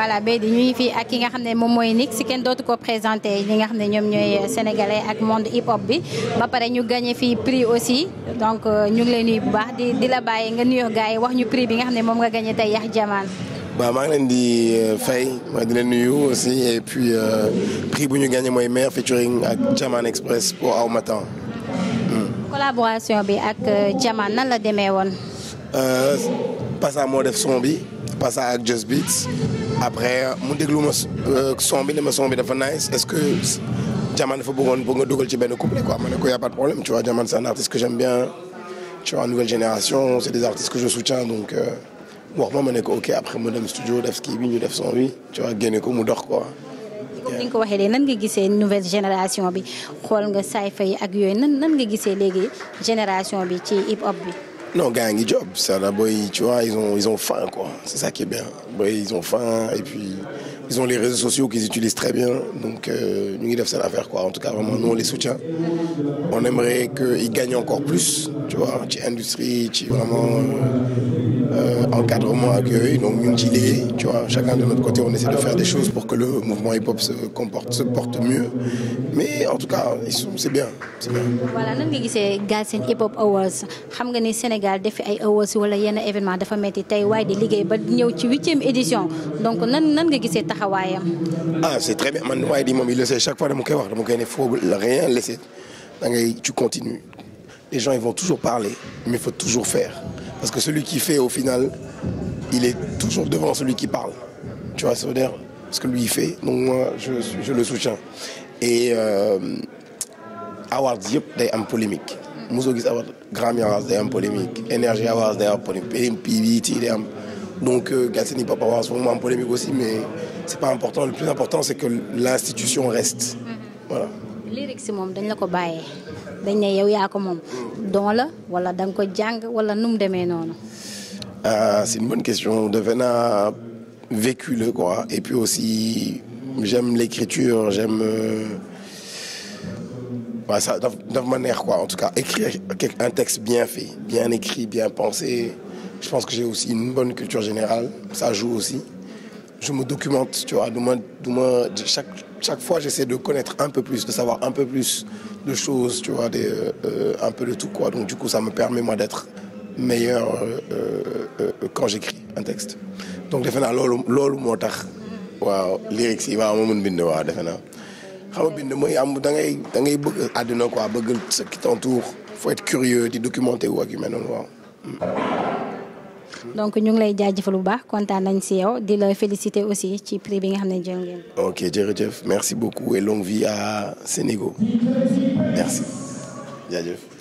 voilà Beydi ñu ngi fii ak ki nga xam ne moom mooy Nix si kenn dootu ko présenté ñi nga xam ne ñoom ñooy sénégalais ak monde hip hop bi ba pare ñu gagné fii prix aussi donc euh, ñu ngi lay nuyu bu baax di di la bàyyi nga nuyoo gars yi wax ñu prix bi nga xam ne moom nga gagné tey Yax Jaman. waaw maa ngi leen di euh, fay maa di nuyu aussi et euh, prix bu ñu gagné mooy meilleur featuring ak Jaman Express pour Aw Ma Temps. Hmm. collaboration bi ak Jaman nan la demee woon. Passa moo def son bi Passa ak Just Beats. après mu déglu ma euh, son bi ne ma son bi dafa nice est-ce que Diamane dafa bëggoon bëgg nga dugal ci benn couplet quoi ma ne ko y a pas de problème tu vois Diamane c'est un artiste que j'aime bien euh, mu dem studio def ski bi ñu def son bi tu vois génne ko mu dox ko comme ni nga ko waxee léegi nan nga gisee nouvelle génération bi xool nga sayfa yi ak yooyu nan nan nga gisee léegi génération bi ci hip hop bi. Non, gars, un job. Ça, là, boy, tu vois, ils ont, ils ont faim, quoi. C'est ça qui est bien. Boy, ils ont faim et puis ils ont les réseaux sociaux qu'ils utilisent très bien. Donc, euh, nous, ils doivent ça à faire, quoi. En tout cas, vraiment, nous, on les soutient. On aimerait qu'ils gagnent encore plus, tu vois, tu industrie, tu vraiment. Euh, encadrement ak yooyu donc ñu ngi ciy de notre côté on essaie de faire des choses pour que le mouvement hip-hop se porte mieux mais en tout cas c'est bien c'est bien. voilà nan Hip Hop Awards xam nga ni Sénégal defi ay awards wala yenn événement dafa metti tey waaye di liggéey ba ñëw ci huitième édition donc nan nan nga gisee taxawaayam. ah c'est très bien man waaye di moom il le sait chaque fois dama koy wax dama koy ne faut rien laisser da tu continues les gens ils vont toujours parler mais il est toujours devant celui qui parle. Tu vois, ça que lui fait. je, le soutiens. Et euh, awards yëpp day am polémique. mosoo gis award Grammy Awards day am polémique Energy Awards day am polémique PVT day am donc euh, Galsen Hip Hop Awards moom polémique aussi mais c'est pas important le plus important c'est que l'institution reste voilà. lyrics si moom dañ la ko bàyyee dañ ne yow yaa ko moom. la wala da nga ko jàng wala nu mu demee noonu. Euh, c'est une bonne question. Devena vécu le Et puis aussi, j'aime l'écriture, j'aime. Euh... Ouais, ça, dans ma manière quoi, en tout cas. Écrire un texte bien fait, bien écrit, bien pensé. Je pense que j'ai aussi une bonne culture générale. Ça joue aussi. Je me documente, tu vois. Demain, demain, chaque, chaque fois, j'essaie de connaître un peu plus, de savoir un peu plus de choses, tu vois, des, euh, un peu de tout, Donc, du me permet, moi, meilleur euh, euh, euh, quand j'écris un texte donc defe naa loolu loolu moo tax waaw lyrics yi waaw moo mën bind waaw defe naa xam nga bind mooy am da ngay da ngay bëgg àddina quoi bëgg ce qui t'entoure faut être curieux di documenter wu ak mel noonu waaw donc ñu ngi lay jaajëfal bu baax kontaan nañ si yow di la féliciter aussi ci prix bi nga xam ne jël ngeen. ok jërëjëf merci beaucoup et longue vie à Sénégal merci jaajëf.